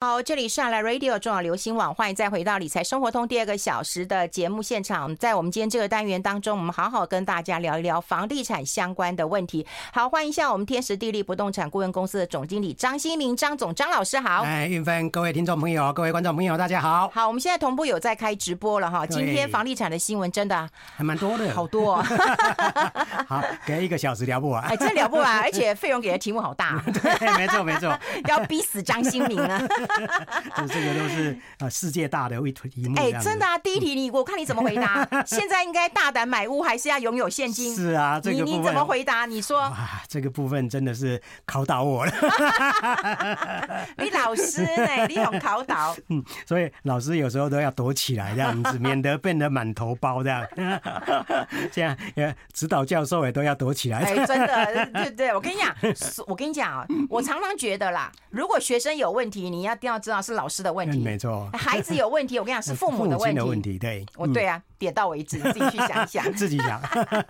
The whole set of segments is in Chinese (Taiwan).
好，這裡是 i Like Radio 中廣流行網，歡迎再回到理財生活通第二個小時的節目現場。在我們今天這個單元當中，我們好好跟大家聊一聊房地產相關的問題。好，歡迎一下我們天時地利不動產顧問公司的總經理張欣民，張總，張老師，好。哎，韻芬各位聽眾朋友，各位觀眾朋友，大家好。好，我們現在同步有在開直播了哈。今天房地產的新聞真的對還蠻多的，好多。好，給一個小時聊不完。哎，真的聊不完，而且費用給的題目好大。 對，沒錯沒錯，要逼死張欣民啊。哈哈哈這個都是呃世界大的一題，哎、欸，真的啊！第一題你，我看你怎麼回答？ 現在應該大膽買屋，還是要擁有現金？是啊，你這個你怎麼回答？你說啊，這個部分真的是考倒我了。 你老師呢？你勇考倒。嗯，所以老師有時候都要躲起來這樣子，免得變得滿頭包這樣。這樣，指導教授也都要躲起來。哎，真的，對對，我跟你講，我跟你講啊，我常常覺得啦，如果學生有問題，你要。一定要知道是老師的問題，沒錯。孩子有問題，我跟你講是父母的問題。父母的問題，對我對啊，點到為止，自己去想一想。自己想。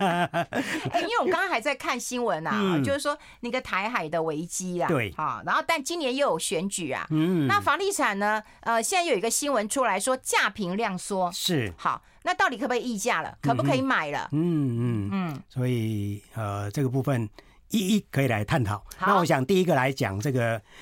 哎，因為我剛剛還在看新聞啊，就是說那個台海的危機啊，對啊，然後但今年又有選舉啊，嗯，那房地產呢？呃，現在又有一個新聞出來說價平量縮，是好，那到底可不可以議價了？可不可以買了？嗯嗯嗯，所以呃，這個部分。一一可以來探討。好那我想第一個來講這個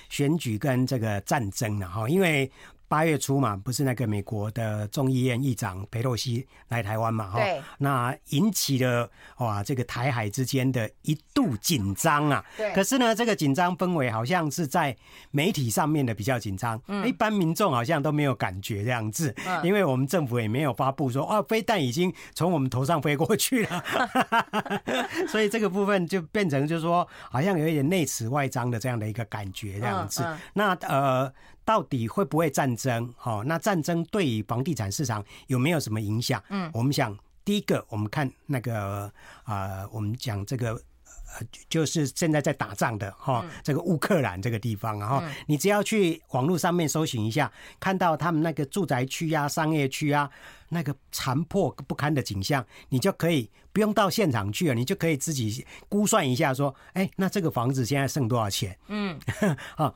選舉跟這個戰爭呢，哈，因為。八月初嘛，不是那個美國的眾議院議長裴洛西來台灣嘛？哈對、哦，那引起了哇，這個台海之間的一度緊張啊。對。可是呢，這個緊張氛圍好像是在媒體上面的比較緊張，嗯、一般民眾好像都沒有感覺這樣子，嗯、因為我們政府也沒有發布說啊、哦，飛彈已經從我們頭上飛過去了。 所以這個部分就變成就是說，好像有一點內弛外張的這樣的一個感覺這樣子。嗯嗯、那呃。到底會不會戰爭？哈、哦，那戰爭對於房地產市場有沒有什麼影響？嗯，我們想，第一個，我們看那個啊、呃，我們講這個，呃，就是現在在打仗的哈，哦嗯、這個烏克蘭這個地方，然、哦、後、嗯、你只要去網絡上面搜尋一下，看到他們那個住宅區呀、啊、商業區啊。那個殘破不堪的景象，你就可以不用到現場去了，啊，你就可以自己估算一下，說：哎、欸，那這個房子現在剩多少錢？嗯，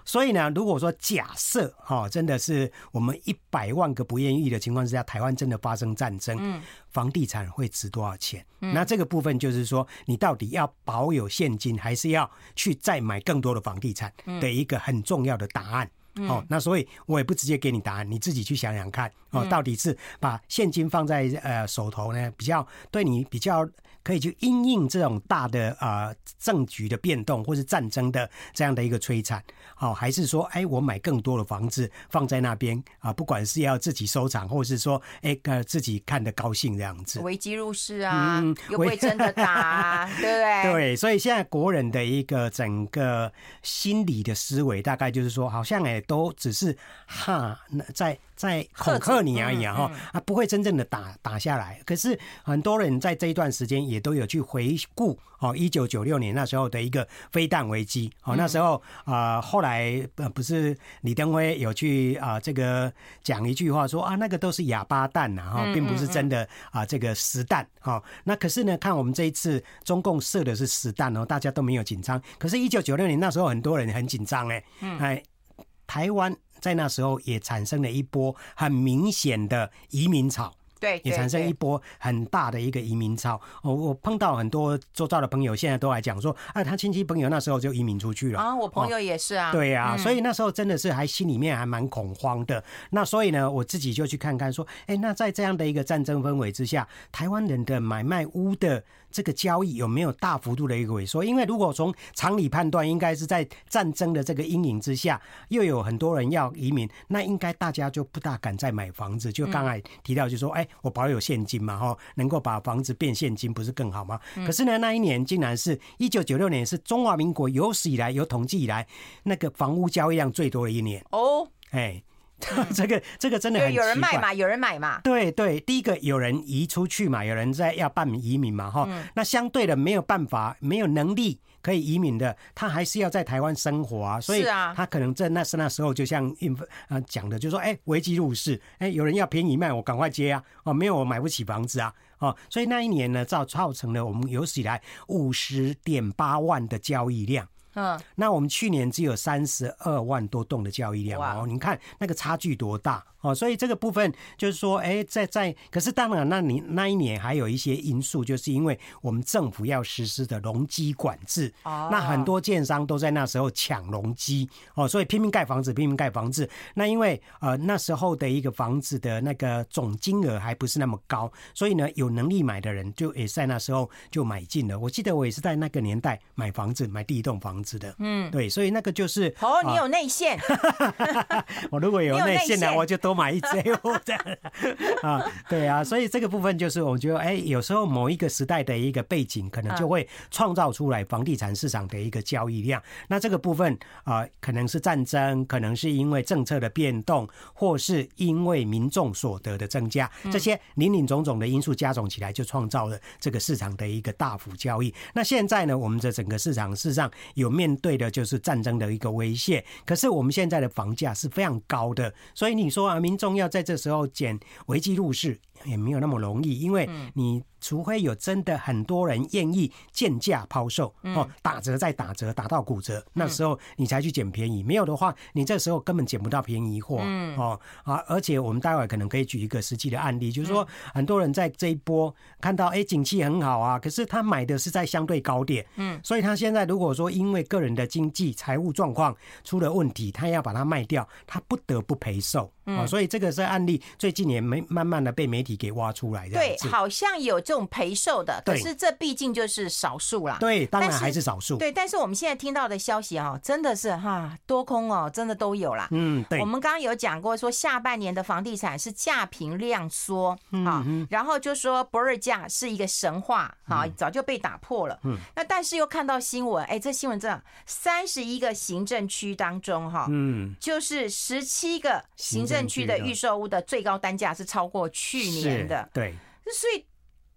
所以呢，如果說假設哈，哦，真的是我們一百萬個不願意的情況之下，台灣真的發生戰爭，嗯，房地產會值多少錢？嗯，那這個部分就是說，你到底要保有現金，還是要去再買更多的房地產的一個很重要的答案。哦，那所以我也不直接給你答案，你自己去想想看哦，到底是把現金放在呃手頭呢，比較對你比較。可以去因應這種大的啊、呃、政局的變動，或是戰爭的這樣的一個摧殘，好、哦，還是說，哎、欸，我買更多的房子放在那邊啊？不管是要自己收藏，或是說，哎、欸，呃，自己看得高興這樣子。危機入市啊？又會真的打、啊？ 對不對，對？對，所以現在國人的一個整個心理的思維，大概就是說，好像也都只是哈，在在恐嚇你而已啊，嗯嗯、啊，不會真正的打打下來。可是很多人在這一段時間。也都有去回顧哦，一九九六年那時候的一個飛彈危機哦，那時候啊、呃，後來、呃、不是李登輝有去啊、呃，這個講一句話說啊，那個都是啞巴彈吶、啊，哈、哦，並不是真的啊、呃，這個實彈哈、哦。那可是呢，看我們這一次中共射的是實彈哦，大家都沒有緊張。可是，一九九六年那時候很多人很緊張、欸、哎，嗯，台灣在那時候也產生了一波很明顯的移民潮。對，對，也產生一波很大的一個移民潮。哦，我碰到很多周遭的朋友，現在都來講說，啊，他親戚朋友那時候就移民出去了啊、哦。我朋友也是啊。哦、對啊，嗯、所以那時候真的是還心裡面還蠻恐慌的。那所以呢，我自己就去看看說，哎、欸，那在這樣的一個戰爭氛圍之下，台灣人的買賣屋的。這個交易有沒有大幅度的一個萎縮？因為如果從常理判斷，應該是在戰爭的這個陰影之下，又有很多人要移民，那應該大家就不大敢再買房子。就剛才提到，就說，哎，我保有現金嘛，齁，能夠把房子變現金不是更好嗎？可是呢，那一年竟然是1996年，是中華民國有史以來有統計以來那個房屋交易量最多的一年哦，哎。 這個這個真的有人賣嘛，有人買嘛？對對，第一個有人移出去嘛，有人在要辦移民嘛，哈、嗯。那相對的沒有辦法、沒有能力可以移民的，他還是要在台灣生活，啊。所以他可能在那時那時候就像啊講、呃、的就，就說哎，危機入市，哎、欸，有人要便宜賣，我趕快接啊！哦、喔，沒有我買不起房子啊！哦、喔，所以那一年呢，造造成了我們有史以來五十點八萬的交易量。嗯，那我們去年只有三十二萬多棟的交易量哇哦，你看那個差距多大哦，所以這個部分就是說，哎、欸，在在，可是當然那，那你那一年還有一些因素，就是因為我們政府要實施的容積管制哦，那很多建商都在那時候搶容積哦，所以拼命蓋房子，拼命蓋房子。那因為呃那時候的一個房子的那個總金額還不是那麼高，所以呢，有能力買的人就也、欸、在那時候就買進了。我記得我也是在那個年代買房子，買第一棟房子。子的，嗯，對，所以那個就是哦，呃、你有內線， 我如果有內線呢，線我就多買一支，哦，這樣啊，對啊，所以這個部分就是我覺得，哎、欸，有時候某一個時代的一個背景，可能就會創造出來房地產市場的一個交易量。啊、那這個部分啊、呃，可能是戰爭，可能是因為政策的變動，或是因為民眾所得的增加，這些零零種種的因素加總起來，就創造了這個市場的一個大幅交易。那現在呢，我們的整個市場事實上有。面對的就是戰爭的一個威脅，可是我們現在的房價是非常高的，所以你說啊，民眾要在這時候撿危機入市？也沒有那麼容易，因為你除非有真的很多人願意賤價拋售哦，打折再打折打到骨折，那時候你才去撿便宜。沒有的話，你這時候根本撿不到便宜貨哦啊！而且我們待會兒可能可以舉一個實際的案例，就是說很多人在這一波看到哎、欸，景氣很好啊，可是他買的是在相對高點，嗯，所以他現在如果說因為個人的經濟財務狀況出了問題，他要把它賣掉，他不得不賠售。啊、嗯哦，所以這個是案例，最近也沒慢慢的被媒體給挖出來，對，好像有這種賠售的，可是這畢竟就是少數啦，對，是當然還是少數，對，但是我們現在聽到的消息哦、喔，真的是哈、啊，多空哦、喔，真的都有啦，嗯，對，我們剛剛有講過說，下半年的房地產是價平量縮啊、嗯喔，然後就說不二價是一個神話啊、嗯喔，早就被打破了，嗯，嗯那但是又看到新聞，哎、欸，這新聞真的，三十一個行政區當中哈、喔，嗯，就是十七個行政。去的預售屋的最高單價是超過去年的，對，所以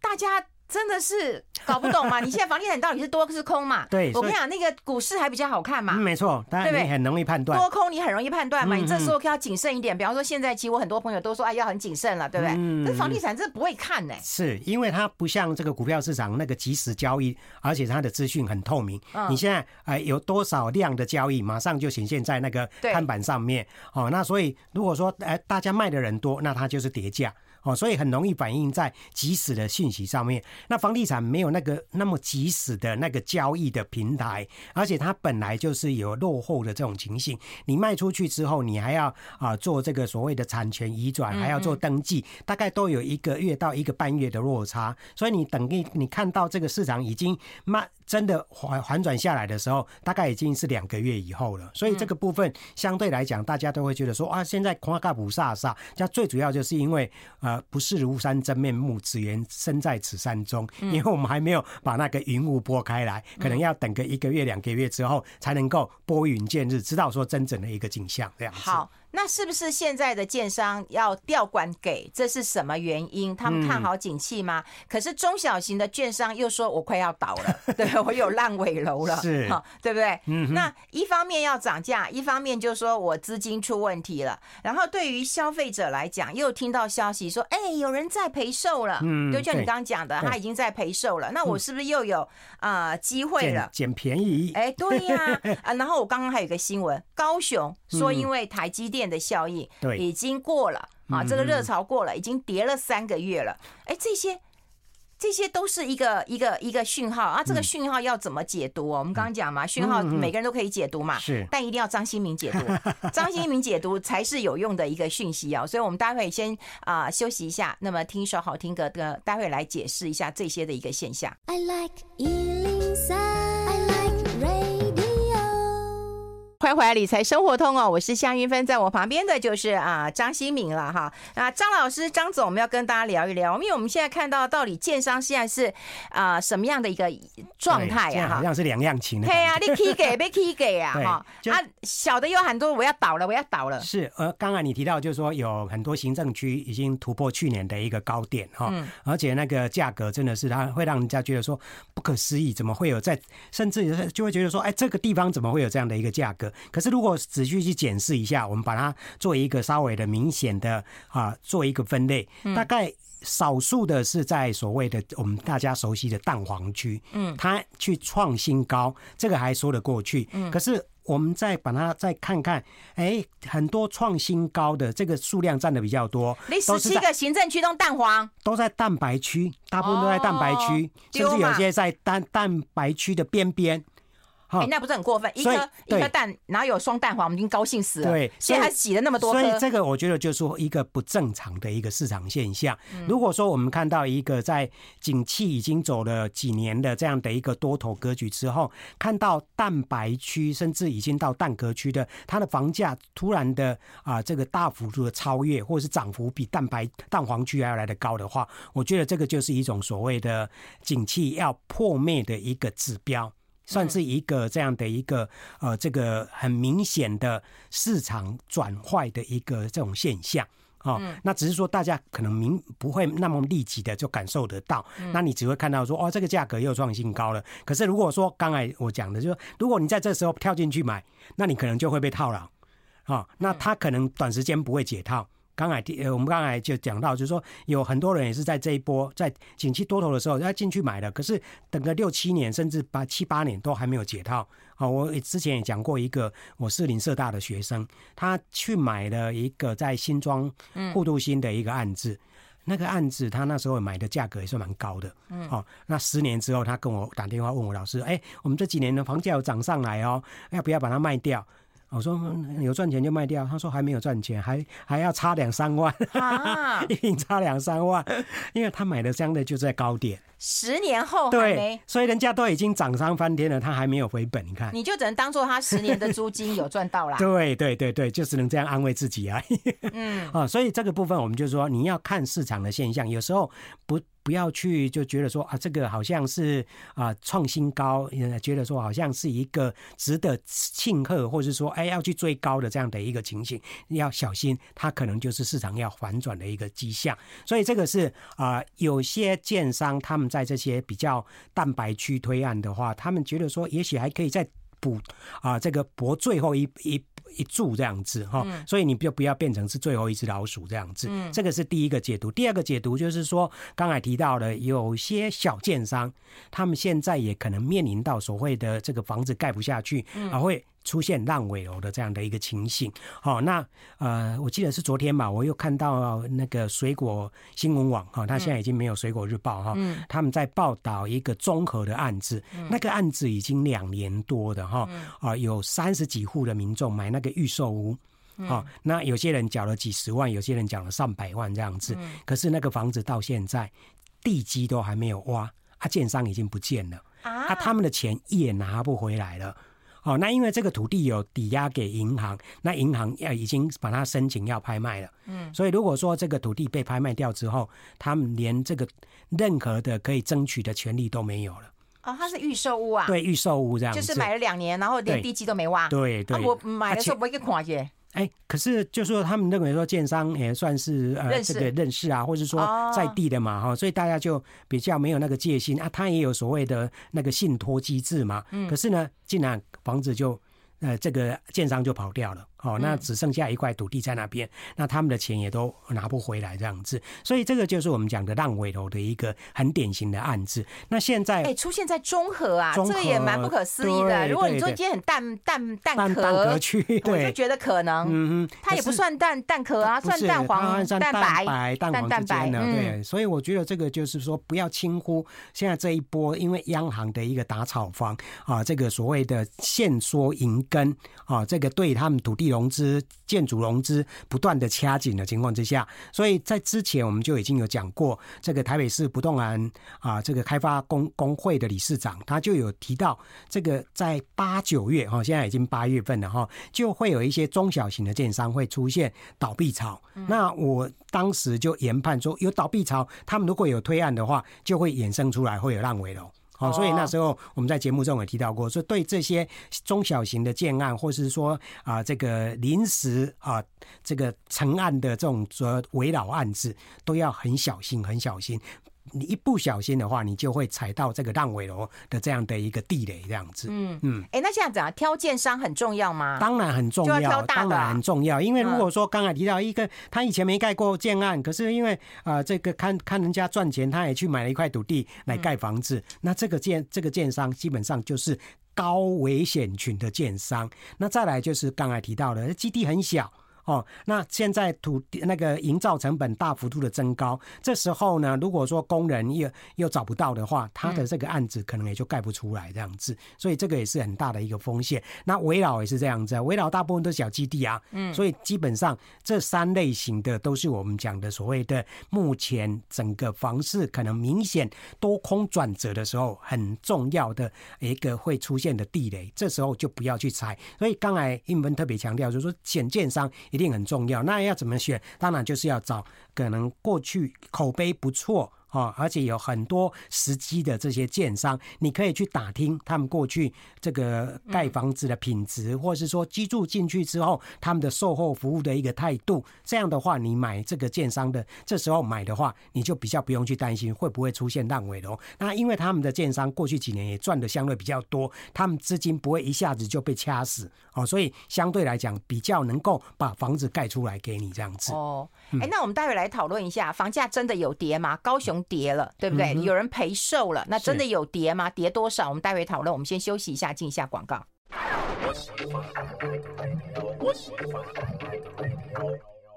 大家。真的是搞不懂嘛？你現在房地產到底是多是空嘛？ 對，我跟你講，那個股市還比較好看嘛？嗯、沒錯，當然你很容易判斷多空，你很容易判斷嘛？嗯、哼你這時候可以要謹慎一點，比方說現在其實我很多朋友都說，哎，要很謹慎了，對不對？嗯，這房地產真的不會看呢、欸，是因為它不像這個股票市場那個即時交易，而且它的資訊很透明。嗯，你現在哎、呃、有多少量的交易，馬上就顯現在那個看板上面。對哦，那所以如果說哎、呃、大家賣的人多，那它就是跌價。哦，所以很容易反映在即時的信息上面。那房地產沒有那個那麼即時的那個交易的平台，而且它本來就是有落後的這種情形。你賣出去之後，你還要啊做這個所謂的產權移轉，還要做登記，大概都有一個月到一個半月的落差。所以你等於你看到這個市場已經賣。真的緩緩轉下來的時候，大概已經是兩個月以後了。所以這個部分相對來講，大家都會覺得說、嗯、啊，現在看得霧煞煞。那最主要就是因為呃，不是廬山真面目，只緣身在此山中。因為我們還沒有把那個雲霧撥開來，嗯、可能要等個一個月、兩個月之後，才能夠撥雲見日，知道說真正的一個景象，這樣子。那是不是現在的建商要調管給？這是什麼原因？他們看好景氣嗎？嗯、可是中小型的建商又說：“我快要倒了， 對，我有爛尾樓了。是”是、啊，對不對？嗯、哼那一方面要漲價，一方面就說我資金出問題了。然後對於消費者來講，又聽到消息說：“哎、欸，有人在賠售了。”嗯，就像你剛剛講的，嗯、他已經在賠售了。嗯、那我是不是又有啊、呃、機會了撿？撿便宜？哎 、欸，對呀、啊。啊，然後我剛剛還有個新聞，高雄說因為台積電。的效應已經過了啊，這個熱潮過了，已經跌了三個月了。哎，這些這些都是一個一個一個訊號啊，這個訊號要怎麼解讀、啊？我們剛剛講嘛，訊號每個人都可以解讀嘛，是，但一定要張欣民解讀，張欣民解讀才是有用的一個訊息哦、啊。所以，我們待會先啊休息一下，那麼聽一首好聽歌，等待會來解釋一下這些的一個現象。I like 103。快快理財生活通哦，我是夏韻芬，在我旁邊的就是啊張欣民了哈。那張老師、張總，我們要跟大家聊一聊，因為我們現在看到，到底建商現在是啊、呃、什麼樣的一個狀態啊？哈，好像是兩樣情的。 對就 啊，你以給別以給啊哈！啊，小的有很多，我要倒了，我要倒了。是，呃，剛剛你提到，就是說有很多行政區已經突破去年的一個高點哈，嗯、而且那個價格真的是讓會讓人家覺得說不可思議，怎麼會有在，甚至就會覺得說，哎，這個地方怎麼會有這樣的一個價格？可是，如果仔細去檢視一下，我們把它做一個稍微的明顯的啊，做一個分類，嗯、大概少數的是在所謂的我們大家熟悉的蛋黃區，嗯，它去創新高，這個還說得過去。嗯，可是我們再把它再看看，哎，很多創新高的這個數量佔的比較多，你十七個行政區中，蛋黃，都在蛋白區，大部分都在蛋白區，就是、哦、有些在蛋嘛蛋白區的邊邊。哎、欸，那不是很過分？嗯、一個一個蛋對然後哪有雙蛋黃？我們已經高興死了。對，現在還擠了那麼多。所以這個我覺得就是說一個不正常的一個市場現象。嗯、如果說我們看到一個在景氣已經走了幾年的這樣的一個多頭格局之後，看到蛋白區甚至已經到蛋殼區的，它的房價突然的啊、呃、這個大幅度的超越，或是漲幅比蛋白蛋黃區還要來得高的話，我覺得這個就是一種所謂的景氣要破滅的一個指標。算是一個這樣的一個呃，這個很明顯的市場轉換的一個這種現象啊、哦。那只是說大家可能明不會那麼立即的就感受得到，那你只會看到說哦，這個價格又創新高了。可是如果說剛才我講的，就是如果你在這時候跳進去買，那你可能就會被套牢啊。那它可能短時間不會解套。剛才呃，我們剛才就講到，就是說有很多人也是在這一波在景氣多頭的時候，要進去買的，可是等個六七年甚至八七八年都還沒有解套。啊，我之前也講過一個，我士林社大的學生，他去買了一個在新莊副都心的一個案子，那個案子他那時候買的價格也是蠻高的。哦，那十年之後，他跟我打電話問我老師，哎，我們這幾年的房價有漲上來哦、喔，要不要把它賣掉？我說有賺錢就賣掉，他說還沒有賺錢，還還要差兩三萬，哈哈、啊，一 差兩三萬，因為他買的相對就在高點，十年後，對，所以人家都已經漲上翻天了，他還沒有回本，你看，你就只能當做他十年的租金有賺到啦， 對對對對，就只、是、能這樣安慰自己啊， 嗯，啊，所以這個部分我們就是說你要看市場的現象，有時候不。不要去就覺得說啊，這個好像是啊、呃、創新高，覺得說好像是一個值得慶賀，或者說哎要去追高的這樣的一個情形，要小心，它可能就是市場要反轉的一個跡象。所以這個是啊、呃，有些建商他們在這些比較蛋白區推案的話，他們覺得說也許還可以再。補啊，這個搏最後一一一注這樣子哈，嗯、所以你就不要變成是最後一只老鼠這樣子。嗯、這個是第一個解讀。第二個解讀就是說，剛才提到的，有些小建商，他們現在也可能面臨到所謂的這個房子蓋不下去，嗯、啊，會。出現爛尾樓的這樣的一個情形，好、哦，那呃，我記得是昨天嘛，我又看到那個水果新聞網，哈、哦，它現在已經沒有水果日報，哈、哦，嗯、他們在報道一個綜合的案子，嗯、那個案子已經兩年多的，哈、哦，啊、嗯呃，有三十幾戶的民眾買那個預售屋、嗯哦，那有些人繳了幾十萬，有些人繳了上百萬這樣子，嗯、可是那個房子到現在地基都還沒有挖，啊，建商已經不見了，啊，他們的錢也拿不回來了。哦，那因為這個土地有抵押給銀行，那銀行要已經把它申請要拍賣了。嗯，所以如果說這個土地被拍賣掉之後，他們連這個任何的可以爭取的權利都沒有了。哦，它是預售屋啊？對，預售屋這樣，就是買了兩年，然後連地基都沒挖。對對。哎、欸，可是就是說他們認為說，建商也算是呃識這個認識啊，或者說在地的嘛哈、哦哦，所以大家就比較沒有那個戒心啊。他也有所謂的那個信託機制嘛，可是呢，竟然房子就呃這個建商就跑掉了。哦，那只剩下一塊土地在那邊，嗯、那他們的錢也都拿不回來這樣子，所以這個就是我們講的爛尾樓的一個很典型的案子。那現在哎、欸，出現在中和啊，和這個也蠻不可思議的。如果你說今天很蛋蛋蛋殼，淡淡我就覺得可能，嗯嗯，它也不算蛋蛋殼啊，算蛋黃、蛋白、蛋白、蛋黃之間的。蛋蛋嗯、對，所以我覺得這個就是說不要輕忽現在這一波，因為央行的一個打炒房啊，這個所謂的限縮銀根啊，這個對他們土地，融資、建築融資不斷的掐緊的情況之下，所以在之前我們就已經有講過，這個台北市不動產啊，這個開發工工會的理事長，他就有提到，這個在八九月哈，現在已經八月份了哈，就會有一些中小型的建商會出現倒閉潮。那我當時就研判說，有倒閉潮，他們如果有推案的話，就會衍生出來會有爛尾樓。好、哦，所以那時候我們在節目中也提到過，說、哦哦、對這些中小型的建案，或是說啊、呃、這個臨時啊、呃、這個成案的這種呃圍繞案子，都要很小心，很小心。你一不小心的話，你就會踩到這個爛尾樓的這樣的一個地雷，這樣子。嗯嗯。哎，那現在怎樣？挑建商很重要嗎？當然很重要，當然很重要。因為如果說剛才提到一個，他以前沒蓋過建案，可是因為呃這個看看人家賺錢，他也去買了一塊土地來蓋房子。那這個建這個建商基本上就是高危險群的建商。那再來就是剛才提到的基地很小。哦，那現在土那個營造成本大幅度的增高，這時候呢，如果說工人又又找不到的話，他的這個案子可能也就蓋不出來這樣子，嗯、所以這個也是很大的一個風險。那危老也是這樣子，啊，危老大部分都是小基地啊，嗯，所以基本上這三類型的都是我們講的所謂的目前整個房市可能明顯多空轉折的時候，很重要的一個會出現的地雷，這時候就不要去踩。所以剛才韻芬特別強調，就是說，淺建商。一定很重要，那要怎麼選？當然就是要找可能過去口碑不錯。哦，而且有很多時機的這些建商，你可以去打聽他們過去這個蓋房子的品質，或是說居住進去之後他們的售後服務的一個態度。這樣的話，你買這個建商的這時候買的話，你就比較不用去擔心會不會出現爛尾樓。那因為他們的建商過去幾年也賺的相對比較多，他們資金不會一下子就被掐死。哦，所以相對來講比較能夠把房子蓋出來給你這樣子。哦。哎、欸，那我們待會來討論一下，房價真的有跌嗎？高雄跌了，對不對？嗯、哼有人賠售了，那真的有跌嗎？跌多少？我們待會討論。我們先休息一下，進一下廣告。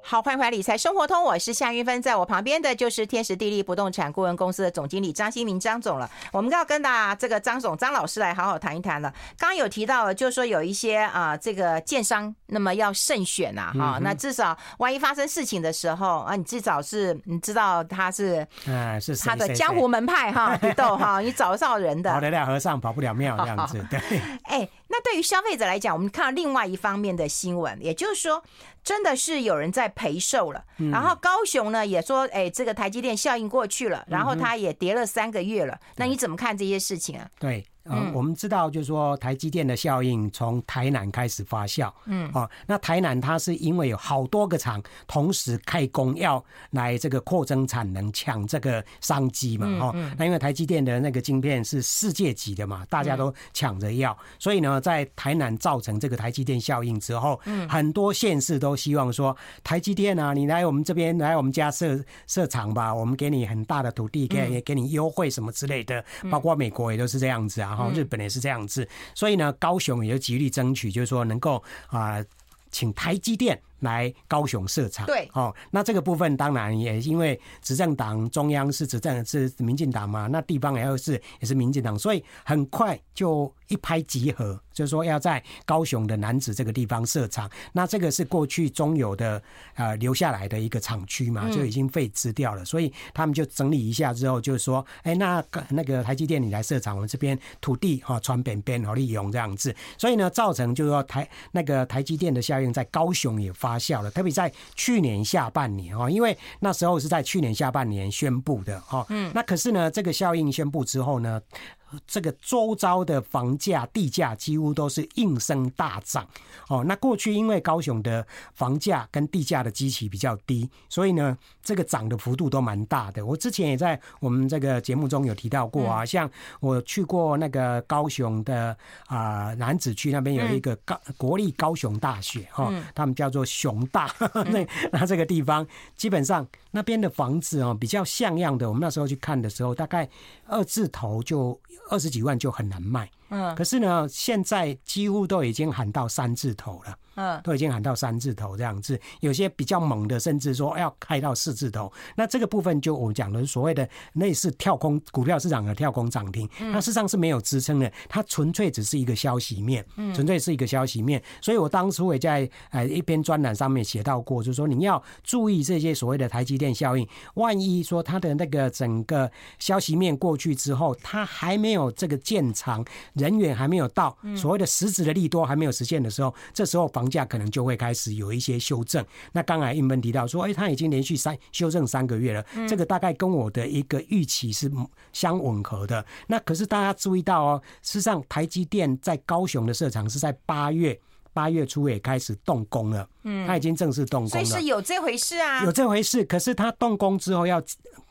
好，歡迎理財生活通，我是夏韻芬，在我旁邊的就是天時地利不動產顧問公司的總經理張欣民張總了。我們要跟大家這個張總張老師來好好談一談了。剛剛有提到，就是說有一些啊、呃，這個建商，那麼要慎選啊，哈、哦，嗯、哼那至少萬一發生事情的時候啊，你至少是你知道他是，嗯，是誰誰誰他的江湖門派哈，鬥哈誰、哦，你找得到人的，跑得了和尚跑不了廟這樣子，哦哦對。哎，那對於消費者來講，我們看到另外一方面的新聞，也就是說。真的是有人在賠售了，嗯、然後高雄呢也說，哎，這個台積電效應過去了，然後它也跌了三個月了，嗯、哼那你怎麼看這些事情啊？對。對哦、我們知道，就是說台積電的效應從台南開始發酵。嗯，哦，那台南它是因為有好多個廠同時開工，要來這個擴增產能、搶這個商機嘛。哦，那因為台積電的那個晶片是世界級的嘛，大家都搶着要。所以呢，在台南造成這個台積電效應之後，嗯，很多縣市都希望說，台積電啊，你來我們這邊，來我們家設設廠吧，我們給你很大的土地，給給你優惠什麼之類的。包括美國也都是這樣子啊。然日本也是這樣子，嗯、所以呢，高雄也就極力爭取，就是說能夠啊、呃，請台積電。來高雄設廠，對，哦，那這個部分當然也因為執政黨中央是執政是民進黨嘛，那地方也要是也是民進黨，所以很快就一拍即合，就是說要在高雄的楠梓這個地方設廠。那這個是過去中油的呃留下來的一個廠區嘛，就已經廢置掉了，嗯、所以他們就整理一下之後，就是說，哎、欸，那個、那個台積電你來設廠，我們這邊土地哈，傳遍遍好利用這樣子，所以呢，造成就是說台那個台積電的效應在高雄也發發酵了，特別在去年下半年啊，因為那時候是在去年下半年宣布的哦。嗯，那可是呢，這個效應宣布之後呢。這個周遭的房價、地價幾乎都是應聲大漲。哦，那過去因為高雄的房價跟地價的基期比較低，所以呢，這個漲的幅度都蠻大的。我之前也在我們這個節目中有提到過啊，像我去過那個高雄的啊楠梓區那邊有一個高、嗯、國立高雄大學，哈、哦，他們叫做熊大。那、嗯、那這個地方基本上那邊的房子哦比較像樣的，我們那時候去看的時候，大概二字頭就。二十幾萬就很難賣。嗯，可是呢，現在幾乎都已經喊到三字頭了，嗯，都已經喊到三字頭這樣子，有些比較猛的，甚至說要開到四字頭。那這個部分就我講的是所謂的類似跳空股票市場的跳空漲停，它事實上是沒有支撐的，它純粹只是一個消息面，純粹是一個消息面。所以我當初也在呃一篇專欄上面寫到過，就是說你要注意這些所謂的台積電效應，萬一說它的那個整個消息面過去之後，它還沒有這個建廠。人員還沒有到，所謂的實質的利多還沒有實現的時候，嗯、這時候房價可能就會開始有一些修正。那剛才韻芬提到說，哎、欸，它已經連續三修正三個月了，嗯、這個大概跟我的一個預期是相吻合的。那可是大家注意到哦，事實上台積電在高雄的設廠是在八月。八月初也開始動工了，嗯，他已經正式動工了，所以是有這回事啊，有這回事。可是他動工之後，要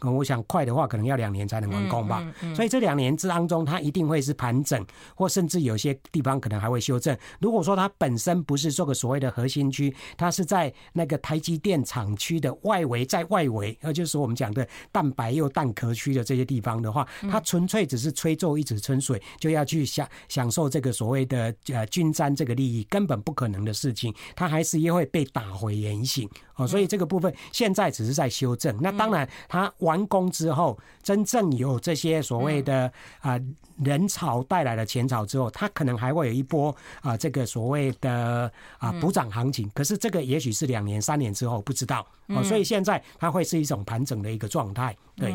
我想快的話，可能要兩年才能完工吧。所以這兩年之當中，它一定會是盤整，或甚至有些地方可能還會修正。如果說它本身不是這個所謂的核心區，它是在那個台積電廠區的外圍，在外圍，那就是我們講的蛋白又蛋殼區的這些地方的話，它純粹只是吹皺一池春水，就要去享享受這個所謂的呃均沾這個利益，根本。不可能的事情，他還是又會被打回原形。哦，所以這個部分現在只是在修正。嗯、那當然，它完工之後，真正有這些所謂的啊人潮帶來的錢潮之後，它、嗯、可能還會有一波啊這個所謂的啊補漲行情。嗯、可是這個也許是兩年三年之後不知道。哦、嗯，所以現在它會是一種盤整的一個狀態。對，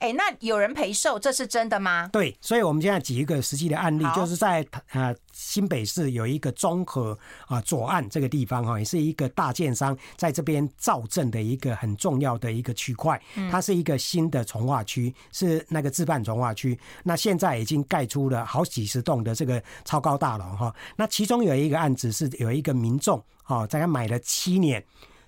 哎、欸，那有人陪售，這是真的嗎？對，所以我們現在舉一個實際的案例，好就是在啊新北市有一個中和啊左岸這個地方哈，也是一個大建商在這邊。造鎮的一個很重要的一個區塊，它是一個新的重劃區，是那個自辦重劃區。那現在已經蓋出了好幾十棟的這個超高大樓哈。那其中有一個案子是有一個民眾哈、哦，在他買了七年，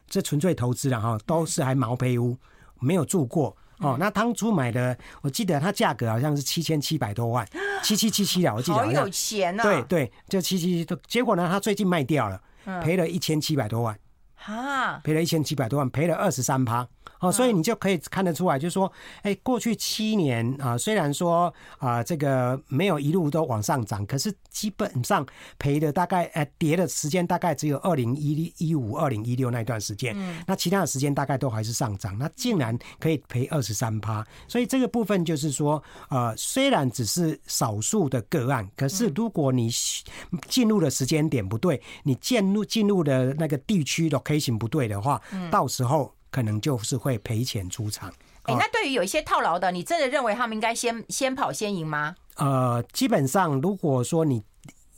這純粹投資的哈，都是還毛坯屋，沒有住過哦。那當初買的，我記得它價格好像是七千七百多萬，七七七七了，我記得好，好有錢呢、啊。對對，就七七七，結果呢，他最近賣掉了，賠了一千、嗯、七百多萬。啊，賠了一千七百多萬，賠了二十三趴。哦、呃，所以你就可以看得出來，就是說，哎、欸，過去七年啊、呃，雖然說啊、呃，這個沒有一路都往上漲，可是基本上賠的大概，哎、呃，跌的時間大概只有二零一一五、二零一六那段時間，嗯，那其他的時間大概都還是上漲。那竟然可以賠二十三趴，所以這個部分就是說，呃，雖然只是少數的個案，可是如果你進入的時間點不對，你進入進入的那個地區的可以。飛行不對的話，到時候可能就是會賠錢出場。嗯。欸，那對於有一些套牢的，你真的認為他們應該先先跑先贏嗎？呃，基本上如果說你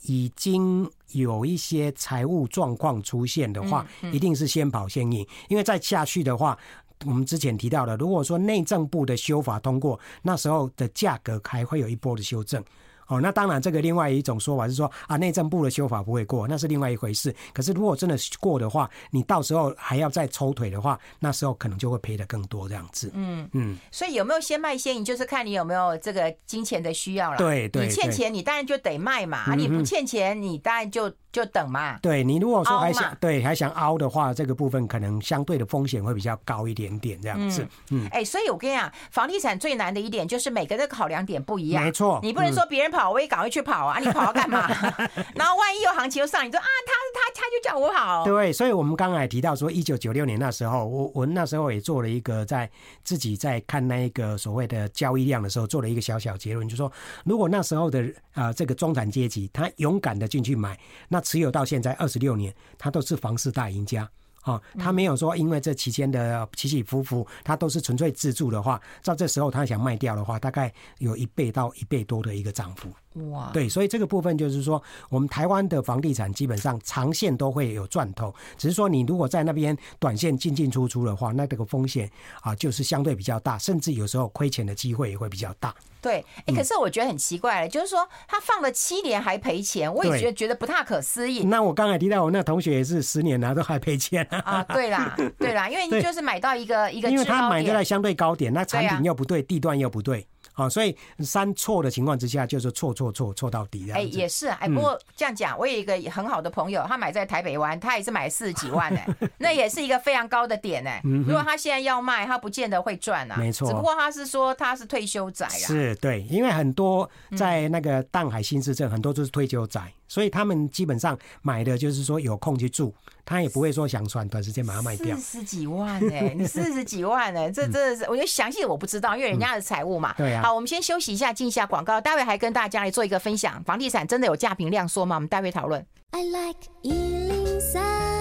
已經有一些財務狀況出現的話，一定是先跑先贏。嗯，嗯。因為再下去的話，我們之前提到的，如果說內政部的修法通過，那時候的價格還會有一波的修正。哦，那當然，這個另外一種說法是說啊，內政部的修法不會過，那是另外一回事。可是如果真的過的話，你到時候還要再抽腿的話，那時候可能就會賠得更多這樣子。嗯嗯，所以有沒有先賣先贏，你就是看你有沒有這個金錢的需要了。對，對對，你欠錢，你當然就得賣嘛；嗯嗯，你不欠錢，你當然就就等嘛。對，你如果說還想嘛對，還想凹的話，這個部分可能相對的風險會比較高一點點這樣子。嗯，哎、嗯欸，所以我跟你講，房地產最難的一點就是每個的考量點不一樣。沒錯錯，你不能說別人、嗯。跑，我也趕快去跑啊！你跑幹嘛？ 然後萬一有行情又上，你說啊，他他他就叫我跑，對，所以，我們剛才提到說，一九九六年那時候，我我那時候也做了一個，在自己在看那一個所謂的交易量的時候，做了一個小小結論，就是說，如果那時候的啊、呃、這個中產階級他勇敢的進去買，那持有到現在二十六年，他都是房市大贏家。啊、哦，他沒有說，因為這期間的起起伏伏，他都是純粹自住的話，到這時候他想賣掉的話，大概有一倍到一倍多的一個漲幅。哇，Wow. 對，所以這個部分就是說，我們台灣的房地產基本上長線都會有賺頭，只是說你如果在那邊短線進進出出的話，那這個風險啊，就是相對比較大，甚至有時候虧錢的機會也會比較大。對、欸，可是我覺得很奇怪了，嗯、就是說他放了七年還賠錢，我也覺得對覺得不太可思議。那我剛才提到我那同學也是十年了都還賠錢啊，啊，對啦，對啦， 對，因為你就是買到一個一個，因為他買的在相對高點，那產品又不對，對啊、地段又不對。啊、哦，所以三錯的情況之下，就是錯錯錯錯到底。哎、欸，也是哎、啊欸，不過這樣講，嗯、我有一個很好的朋友，他買在台北灣，他也是買四十幾萬呢、欸。 那也是一個非常高的點哎、欸。如果他現在要賣，他不見得會賺啊。沒錯錯，只不過他是說他是退休仔啊。是對，因為很多在那個淡海新市鎮，很多都是退休仔。所以他們基本上買的就是說有空去住，他也不會說想算短時間把它賣掉。四十幾萬呢、欸？ 你四十幾萬呢、欸？這真的是，嗯、我覺得詳細的我不知道，因為人家是財務嘛、嗯。對啊。好，我們先休息一下，進一下廣告，待會還跟大家來做一個分享。房地產真的有價平量縮嗎？我們待會討論。I like 一零三。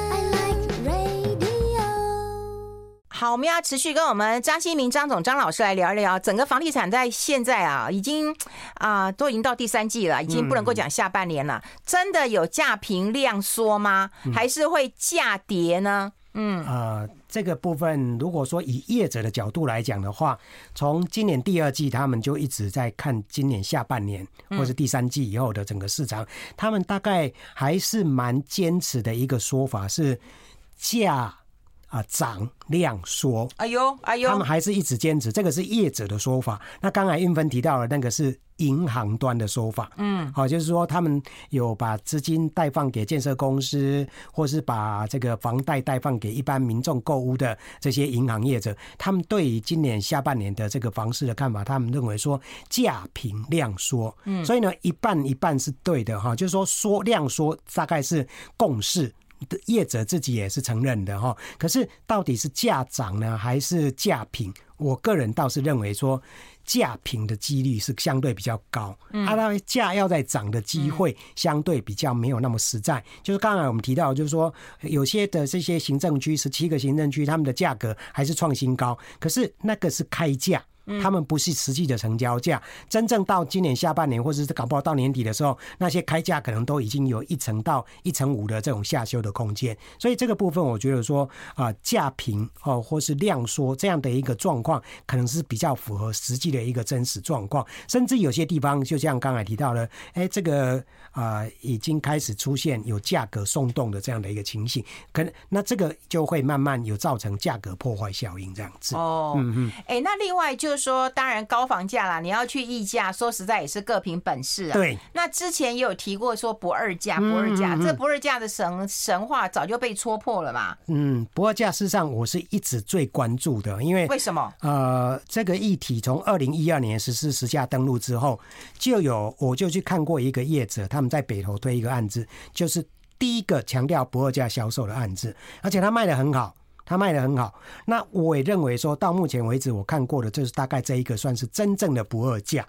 好，我們要持續跟我們張欣民張總張老師來聊一聊整個房地產在現在啊，已經啊、呃，都已經到第三季了，已經不能夠講下半年了。嗯、真的有價平量縮嗎？還是會價跌呢？嗯啊、呃，這個部分如果說以業者的角度來講的話，從今年第二季他們就一直在看今年下半年或是第三季以後的整個市場，嗯、他們大概還是蠻堅持的一個說法是價。啊，漲量縮。哎呦，哎呦，他們還是一直堅持，這個是業者的說法。那剛才韻芬提到的那個是銀行端的說法。嗯，好，就是說他們有把資金貸放給建設公司，或是把這個房貸貸放給一般民眾購屋的這些銀行業者，他們對於今年下半年的這個房市的看法，他們認為說，價平量縮。嗯，所以呢，一半一半是對的哈，就是說，縮量縮大概是共識。業者自己也是承認的哈，可是到底是價漲呢，還是價平？我個人倒是認為說，價平的幾率是相對比較高，它、嗯啊、的價要再漲的機會相對比較沒有那麼實在。嗯、就是剛才我們提到，就是說有些的這些行政區，十七個行政區，他們的價格還是創新高，可是那個是開價。他們不是實際的成交價，真正到今年下半年，或者是搞不好到年底的時候，那些開價可能都已經有一成到一成五的這種下修的空間。所以這個部分，我覺得說啊，價平哦，或是量縮這樣的一個狀況，可能是比較符合實際的一個真實狀況。甚至有些地方，就像剛才提到了，哎、欸，這個啊、呃，已經開始出現有價格鬆動的這樣的一個情形，可能那這個就會慢慢有造成價格破壞效應這樣子。哦，嗯嗯哼，哎、欸，那另外就是。就說當然高房價啦，你要去議價，說實在也是各憑本事啊。對，那之前也有提過說不二價，不二價，嗯嗯嗯，這不二價的神神話早就被戳破了嘛。嗯，不二價事實上我是一直最關注的，因為為什麼？呃，這個議題從二零一二年實施實價登錄之後，就有我就去看過一個業者，他們在北投推一個案子，就是第一個強調不二價銷售的案子，而且他賣得很好。它賣的很好，那我也認為說，到目前為止我看過的，就是大概這一個算是真正的不二價，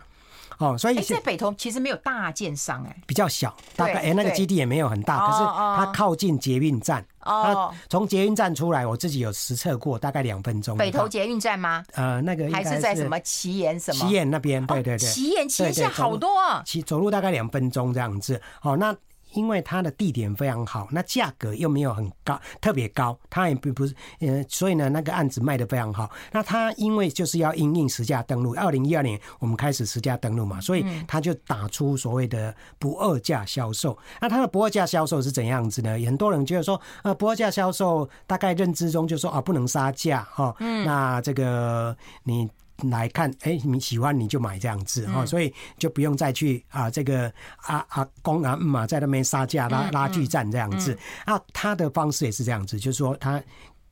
哦，所以、欸、在北投其實沒有大建商哎、欸，比較小，大概哎對、欸、那個基地也沒有很大，對可是它靠近捷運站，哦，哦，從捷運站出來，我自己有實測過，大概兩分鐘。北投捷運站嗎？呃，那個是還是在什麼奇岩什麼？奇岩那邊，對對對，奇岩旗下好多、啊，其走，走路大概兩分鐘這樣子。好、哦，那。因為它的地點非常好，那價格又沒有很高，特別高，它也並不是，嗯，所以呢，那個案子賣得非常好。那它因為就是要因應實價登錄，二零一二年我們開始實價登錄嘛，所以它就打出所謂的不二價銷售。嗯、那它的不二價銷售是怎樣子呢？很多人覺得說，呃，不二價銷售大概認知中就說啊，不能殺價哈。嗯，那這個你。來看，哎、欸，你喜歡你就買這樣子，嗯、所以就不用再去啊、呃，這個啊啊，公啊嗯啊在那邊殺價拉，嗯、拉鋸戰這樣子。嗯嗯，啊，他的方式也是這樣子，就是說他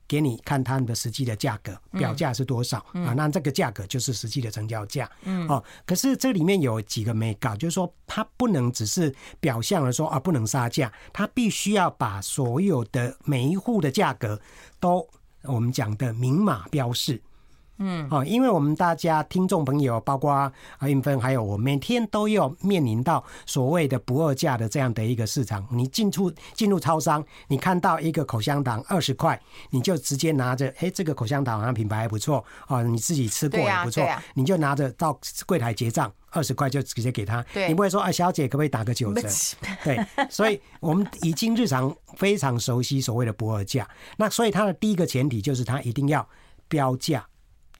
給你看他的實際的價格，表價是多少，嗯嗯，啊？那這個價格就是實際的成交價。嗯、啊、可是這裡面有幾個眉角，就是說他不能只是表象來說啊，不能殺價，他必須要把所有的每一戶的價格都我們講的明碼標示。嗯，好，因為我們大家聽眾朋友，包括阿韻芬，還有我，每天都要面臨到所謂的不二價的這樣的一個市場。你進出進入超商，你看到一個口香糖二十塊，你就直接拿着，哎，這個口香糖好像品牌還不錯，哦，你自己吃過也不錯，你就拿着到櫃台結賬，二十塊就直接給他，你不會說，哎，小姐可不可以打個九折？對，所以我們已經日常非常熟悉所謂的不二價。那所以它的第一個前提就是它一定要標價。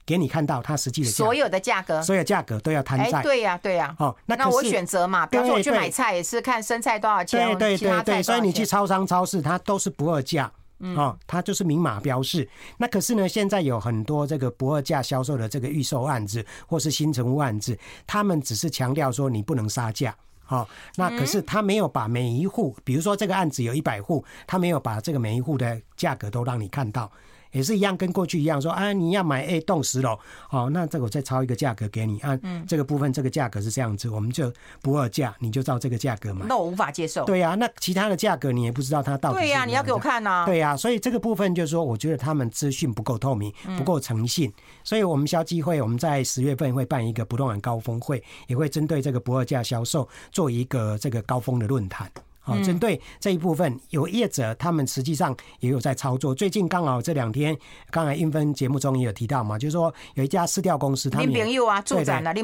給你看到它實際的價格，所有的價格，所有價格都要攤在、欸。對呀、啊，對呀、啊。哦、那，那我選擇嘛，對對對，比如說我去買菜也是看生菜多少錢，對對對，所以你去超商、超市，它都是不二價，嗯，它、哦、就是明碼標示。那可是呢，現在有很多這個不二價銷售的這個預售案子，或是新成屋案子，他們只是強調說你不能殺價，好、哦，那可是他沒有把每一戶，嗯、比如說這個案子有一百戶，他沒有把這個每一戶的價格都讓你看到。也是一樣，跟過去一樣說，說啊，你要買 A 棟、欸、十樓，好、哦，那這個我再抄一個價格給你啊，嗯、這個部分這個價格是這樣子，我們就不二價，你就照這個價格嘛。那我無法接受。對呀、啊，那其他的價格你也不知道它到底。對呀、啊，你要給我看吶、啊。對呀、啊，所以這個部分就是說，我覺得他們資訊不夠透明，不夠誠信，嗯、所以我們消基會我們在十月份會辦一個不動產高峰會，也會針對這個不二價銷售做一個這個高峰的論壇。哦，針對這一部分有業者，他們實際上也有在操作。最近剛好這兩天，剛才韻芬節目中也有提到嘛，就是說有一家市調公司，林炳啊，啊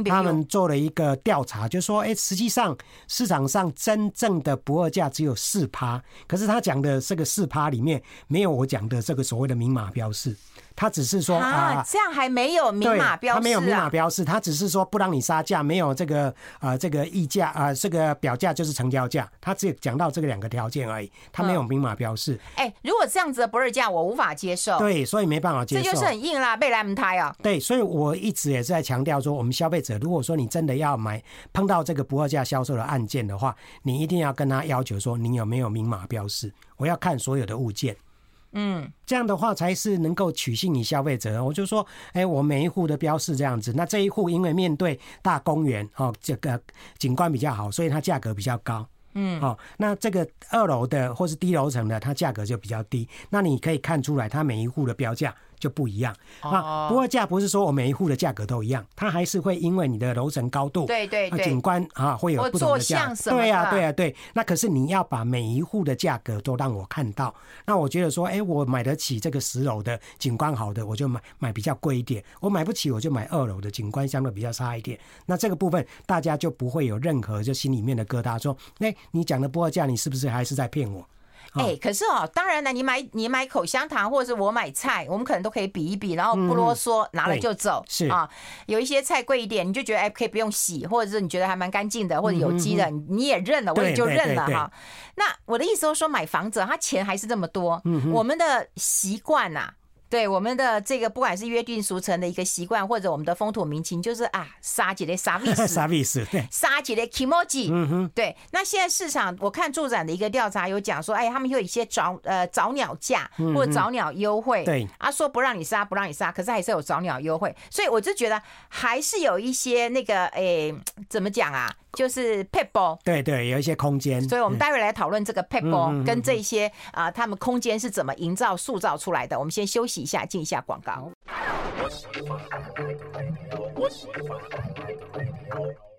他們做了一個調查，就是說，哎、欸，實際上市場上真正的不二價只有四趴，可是他講的這個四趴裡面，沒有我講的這個所謂的明碼標示。他只是說啊，這樣還沒有明碼標示，他沒有明碼標示，他只是說不讓你殺價，沒有這個啊、呃、這個議價啊、呃、這個表價就是成交價，他只講到這個兩個條件而已，他沒有明碼標示。哎，如果這樣子的不二價，我無法接受。對，所以沒辦法接受，這就是很硬啦，被他們抬啊。對，所以我一直也是在強調說，我們消費者如果說你真的要買，碰到這個不二價銷售的案件的話，你一定要跟他要求說，你有沒有明碼標示？我要看所有的物件。嗯，這樣的話才是能夠取信於消費者。我就說，哎，我每一戶的標是這樣子。那這一戶因為面對大公園，哦，這個景觀比較好，所以它價格比較高。嗯，好，那這個二樓的或是低樓層的，它價格就比較低。那你可以看出來，它每一戶的標價就不一樣，那不二價不是說我每一戶的價格都一樣，它還是會因為你的樓層高度、對對，對景觀啊，會有不同的價。啊對啊，對啊，對啊。那可是你要把每一戶的價格都讓我看到，那我覺得說，哎、欸，我買得起這個十樓的景觀好的，我就買買比較貴一點；我買不起，我就買二樓的景觀相對比較差一點。那這個部分大家就不會有任何就心裡面的疙瘩，大家說，那、欸、你講的不二價，你是不是還是在騙我？哎、欸，可是哦，當然了，你買你買口香糖，或者是我買菜，我們可能都可以比一比，然後不囉嗦，嗯、哼拿了就走。是啊、哦，有一些菜貴一點，你就覺得哎，可以不用洗，或者是你覺得還蠻乾淨的，或者有機的，你也認了，我也就認了哈。那我的意思是說，買房子，他錢還是這麼多，嗯、哼我們的習慣吶。對，我們的這個，不管是約定俗成的一個習慣，或者我們的風土民情，就是啊，殺價的殺味死，殺味死，殺價的起毛雞。嗯哼。對，那現在市場，我看住展的一個調查有講說，哎，他們有一些早呃早鳥價或者早鳥優惠，嗯、對，啊，說不讓你殺，不讓你殺，可是還是有早鳥優惠，所以我就覺得還是有一些那個，哎、呃，怎麼講啊，就是 people 對對，有一些空間。所以我們待會來討論這個 people 跟這些啊、呃，他們空間是怎麼營造、塑造出來的。我們先休息，一下進一下廣告。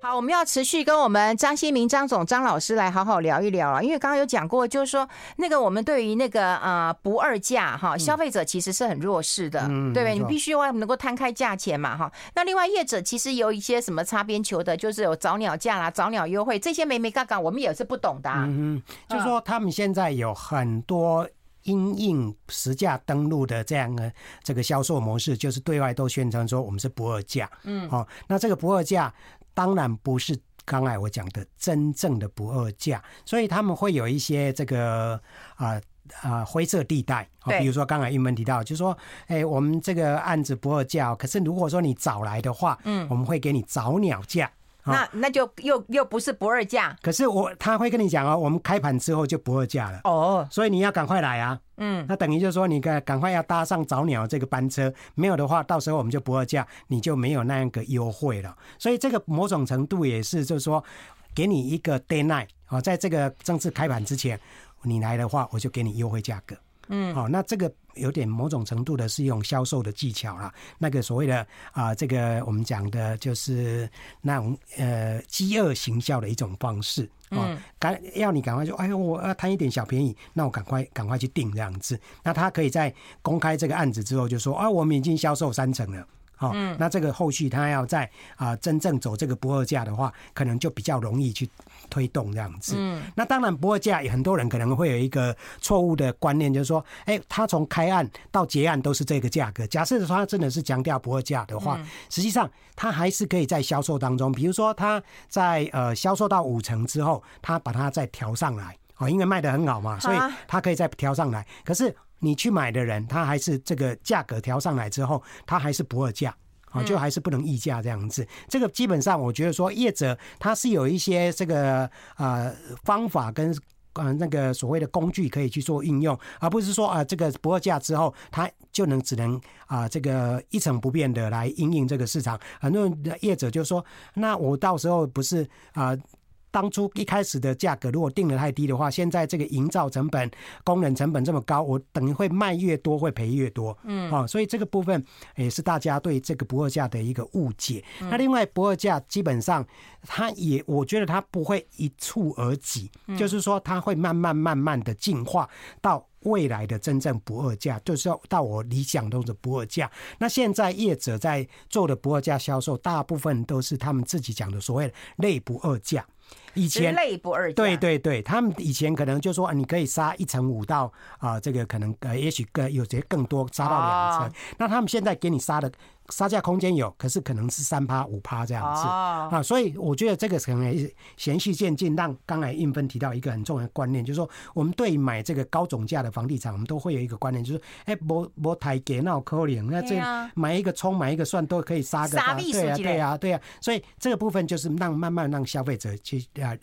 好，我們要持續跟我們張欣民張總張老師來好好聊一聊啊，因為剛剛有講過，就是說那個我們對於那個啊、呃、不二價哈，消費者其實是很弱勢的，對不、嗯、對？嗯、你必須要能夠攤開價錢嘛哈。那另外業者其實有一些什麼擦邊球的，就是有早鳥價啦、早鳥優惠，這些眉眉角角，我們也是不懂的。啊。嗯，就說他們現在有很多。因應實價登錄的這樣的這個銷售模式，就是對外都宣稱說我們是不二價。嗯，哦，那這個不二價當然不是剛才我講的真正的不二價，所以他們會有一些這個啊啊、呃呃、灰色地帶。哦，比如說剛才欣民提到，就是說，哎，我們這個案子不二價，可是如果說你早來的話，嗯，我們會給你早鳥價。嗯嗯哦、那那就又又不是不二價，可是我他會跟你講哦，我們開盤之後就不二價了哦，所以你要趕快來啊，嗯，那等於就是說你趕趕快要搭上早鳥這個班車，沒有的話，到時候我們就不二價，你就沒有那樣個優惠了。所以這個某種程度也是就是說，給你一個 day night 哦，在這個正式開盤之前你來的話，我就給你優惠價格，嗯，好、哦，那這個。有點某種程度的是一種銷售的技巧啦，那個所謂的啊、呃，這個我們講的就是那種呃飢餓行銷的一種方式，啊、哦、趕、嗯、要你趕快就哎呦，我要貪一點小便宜，那我趕快趕快去定這樣子。那他可以在公開這個案子之後就說啊，我們已經銷售三成了，好、哦，嗯、那這個後續他要在啊、呃、真正走這個不二價的話，可能就比較容易去，推動這樣子，那當然不二價，有很多人可能會有一個錯誤的觀念，就是說，哎、欸，他從開案到結案都是這個價格。假設他真的是強調不二價的話，實際上他還是可以在銷售當中，比如說他在呃銷售到五成之後，他把它再調上來啊、哦，因為賣得很好嘛，所以他可以再調上來。可是你去買的人，他還是這個價格調上來之後，他還是不二價。就還是不能議價這樣子，這個基本上我覺得說，業者他是有一些這個呃方法跟呃那個所謂的工具可以去做應用，而不是說啊、呃、這個不二價之後，他就能只能啊、呃、這個一成不變的來應用這個市場，很多業者就說，那我到時候不是啊、呃。當初一開始的價格，如果定得太低的話，現在這個營造成本、工人成本這麼高，我等於會賣越多會賠越多。嗯，啊，所以這個部分也是大家對這個不二價的一個誤解。那另外，不二價基本上它也，我覺得它不會一蹴而就，就是說它會慢慢慢慢的進化到未來的真正不二價，就是到我理想中的不二價。那現在業者在做的不二價銷售，大部分都是他們自己講的所謂的內部二價。一律不二價。對對對，他們以前可能就是說，你可以殺一成五到啊、呃，這個可能呃，也許呃有些更多殺到兩成。那他們現在給你殺的殺價空間有，可是可能是三趴五趴這樣子、哦、啊，所以我覺得這個可能也是循序漸進。讓剛才韻芬提到一個很重要的觀念，就是說，我們對買這個高總價的房地產，我們都會有一個觀念，就是，哎，博博台給鬧可憐，那這買一個蔥買一個蒜都可以殺個殺對，啊、對啊對啊對啊，所以這個部分就是讓慢慢讓消費者去。啊，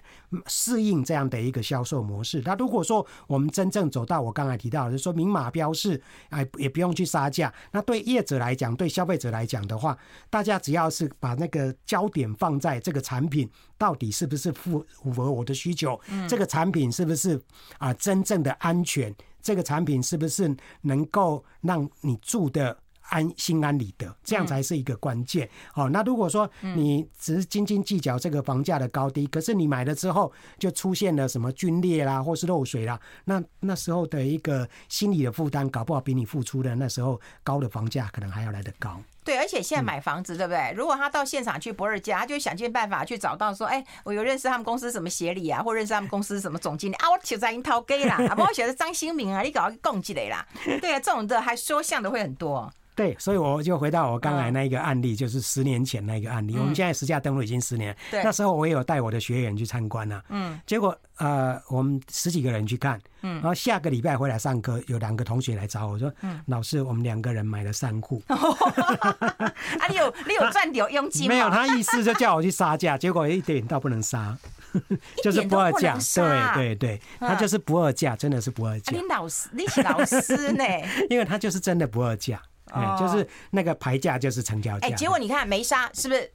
適應這樣的一個銷售模式。那如果說我們真正走到我剛才提到的，就說明碼標示，哎，也不用去殺價。那對業者來講，對消費者來講的話，大家只要是把那個焦點放在這個產品到底是不是符合我的需求，嗯、這個產品是不是啊真正的安全，這個產品是不是能夠讓你住的。安心安理得，這樣才是一個關鍵。好、嗯哦，那如果說你只是斤斤計較這個房價的高低，嗯、可是你買了之後就出現了什麼龜裂啦，或是漏水啦，那那時候的一個心理的負擔，搞不好比你付出的那時候高的房價可能還要來得高。對，而且現在買房子，嗯、對不對？如果他到現場去不二價，他就想盡辦法去找到說，哎、欸，我有認識他們公司什麼協理啊，或認識他們公司什麼總經理 啊，我求在櫻桃街啦，幫、 啊、我寫的張欣民啊，你搞個共計來啦。對啊，這種的還說項的會很多。對，所以我就回到我剛才那一個案例，就是十年前那個案例。嗯、我們現在實價登錄已經十年，對那時候我也有帶我的學員去參觀了、啊、嗯，結果呃，我們十幾個人去看，嗯，然後下個禮拜回來上課，有兩個同學來找我說：“嗯、老師，我們兩個人買了三戶。哦” 啊，你有你有賺點佣金嗎、啊？沒有，他意思就叫我去殺價，結果一點倒不能殺， 就是不二價、啊。對對對，啊、他就是不二價，真的是不二價、啊。你老師，你是老師呢？ 因為他就是真的不二價。哎，就是那個牌價就是成交價。哎，結果你看沒殺，是不是？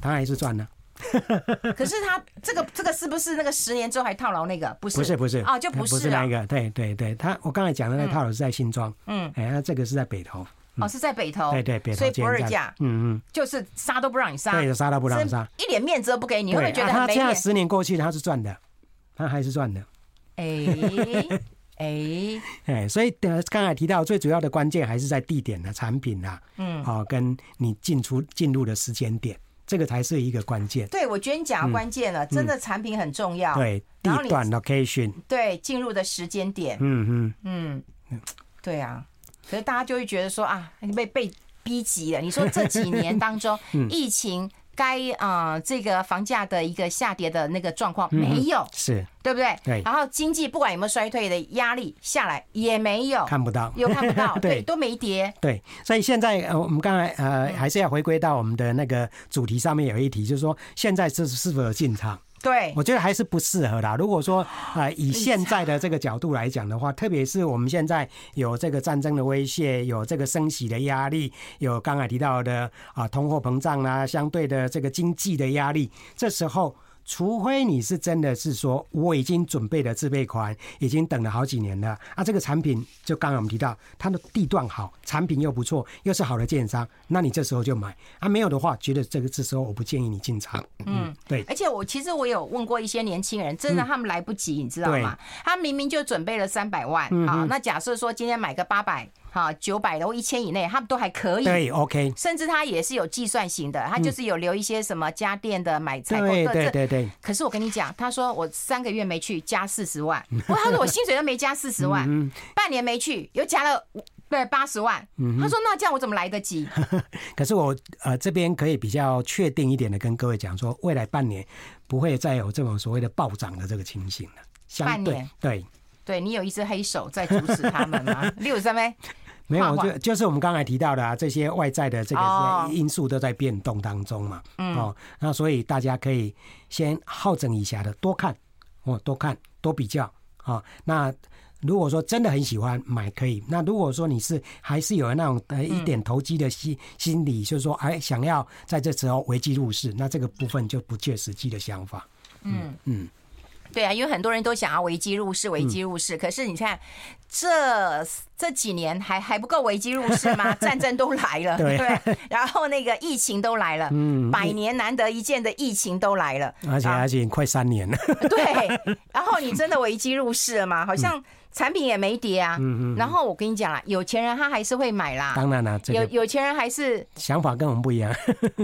他還是賺了。可是他這個這個是不是那個十年之後還套牢那個？不是，不是，不是啊，就不是那個。對對對，他我剛才講的那個套牢是在新莊。嗯。哎，那這個是在北投。哦，是在北投。對對，所以不二價。嗯嗯。就是殺都不讓你殺。對，殺都不讓你殺。一點面子都不給你，會不會覺得很沒面？他這樣十年過去，他是賺的，他還是賺的。哎。哎哎，欸、所以呃，剛才提到最主要的關鍵還是在地點的產品啊嗯，好、哦，跟你進出進入的時間點，這個才是一個關鍵。對，我覺得你講關鍵了，嗯、真的產品很重要。嗯、對，地段 location，對，進入的時間點，嗯嗯哼嗯，對啊，可是大家就會覺得說啊，你被被逼急了。你說這幾年當中，疫情。該啊、呃，這個房價的一個下跌的那個狀況沒有，嗯、是對不對？對。然後經濟不管有沒有衰退的壓力下來也沒有，看不到，有看不到， 對，對，都沒跌。對，所以現在呃，我們剛才呃，還是要回歸到我們的那個主題上面，有一題就是說，現在是是否有進場？對，我覺得還是不適合啦。如果說啊、呃，以現在的這個角度來講的話，特別是我們現在有這個戰爭的威脅，有這個升息的壓力，有剛才提到的啊、呃、通貨膨脹啊，相對的這個經濟的壓力，這時候。除非你是真的是說，我已經準備了自備款，已經等了好幾年了啊。這個產品就剛剛我們提到，它的地段好，產品又不錯，又是好的建商，那你這時候就買啊。沒有的話，覺得這個這時候我不建議你進場。嗯，對。而且我其實我有問過一些年輕人，真的他們來不及，嗯、你知道嗎？對他明明就準備了三百萬嗯嗯啊，那假設說今天買個八百。好，九百到一千以內，他們都還可以。對，OK。甚至他也是有計算型的，他就是有留一些什麼家電的買菜。購、嗯。對對對對。對對，可是我跟你講，他說我三個月沒去加四十萬，不， 他說我薪水都沒加四十萬，嗯、哼半年沒去又加了對八十萬。嗯、哼他說那這樣我怎麼來得及？ 可是我呃這邊可以比較確定一點的跟各位講說，未來半年不會再有這種所謂的暴漲的這個情形了。下半年。對。對，你有一只黑手在阻止他們嗎？六三沒沒有，就就是我們剛才提到的啊，這些外在的這個因素都在變動當中嘛。嗯、哦，哦，那所以大家可以先好整以暇的多看、哦、多看，多看多比較、哦、那如果說真的很喜歡買，可以；那如果說你是還是有那種一點投機的心心理，嗯、就是說哎想要在這時候危機入市，那這個部分就不切實際的想法。嗯嗯。嗯對啊，因為很多人都想要危機入市，危機入市。可是你看，這這幾年還還不夠危機入市嗎？戰爭都來了， 對、啊， 然後那個疫情都來了， 嗯、百年難得一見的疫情都來了，而且、啊、而且已經快三年了。 對，然後你真的危機入市了嗎？好像。產品也沒跌啊，然後我跟你講啊，有錢人他還是會買啦。當然啦，有有錢人還是想法跟我們不一樣。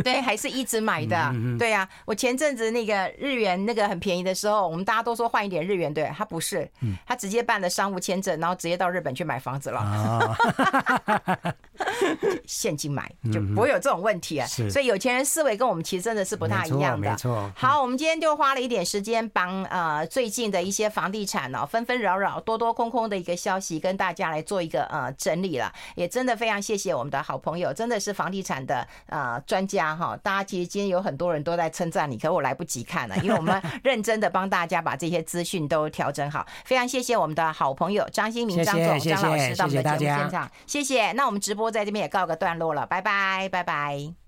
對，還是一直買的。對啊，我前陣子那個日元那個很便宜的時候，我們大家都說換一點日元，對他不是，他直接辦了商務簽證，然後直接到日本去買房子了。哦 現金買就不會有這種問題，嗯、所以有錢人思維跟我們其實真的是不太一樣的。沒錯。沒錯，好，我們今天就花了一點時間幫呃最近的一些房地產呢，紛紛擾擾、多多空空的一個消息跟大家來做一個呃整理了，也真的非常謝謝我們的好朋友，真的是房地產的呃專家哈、哦。大家其實今天有很多人都在稱讚你，可我來不及看了，因為我們認真的幫大家把這些資訊都調整好。 非常謝謝我們的好朋友張欣民、張總、張謝老師到我們的節目現場，謝謝，謝，謝，謝謝。那我們直播。播在這邊也告個段落了，拜拜，拜拜。